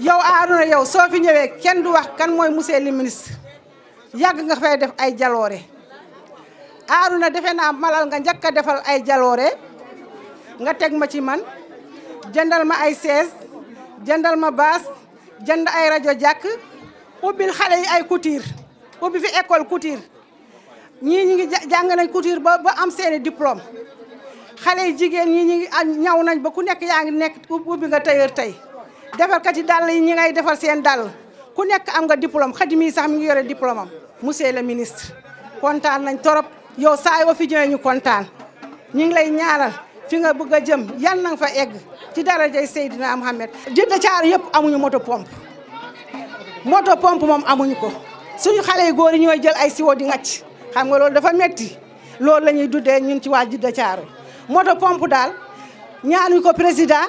yow aaduna yow soo fi ñëwee kenn du wax kan mooy monsieur le ministre yàgg nga fay def ay jaloore aaduna defe naa malal nga njëkk a defal ay jaloore nga teg ma ci man jëndal ma ay sees jëndal ma baas jënd ay rajo jàkk ubbil xale yi ay couture ubbi fi école couture ñii ñi ngi jàng nañ couture ba ba am seeni diplôme xale yi jigéen ñii ñi ngi ñaw nañ ba ku nekk yaa ngi nekk ubbi nga tailleur tey defarkat yi dàll yi ñi ngay defar seen dàll ku nekk am nga diplôme xadi mii sax mi ngi yore diplôme am monsieur le ministre kontaan nañ torop yow saa yoo fi ñëwee ñu kontaan ñu ngi lay ñaanal fi nga bëgg a jëm yal na fa egg ci darajay Seydina Mohamed jidda caar yëpp amuñu moto pompe moto pompe moom amuñu ko suñu xale yu góor yi ñooy jël ay siwo di ngacc xam nga loolu dafa metti loolu la ñuy duddee ñun ci waa jidda caaro moto pompe daal ñaanuñ ko président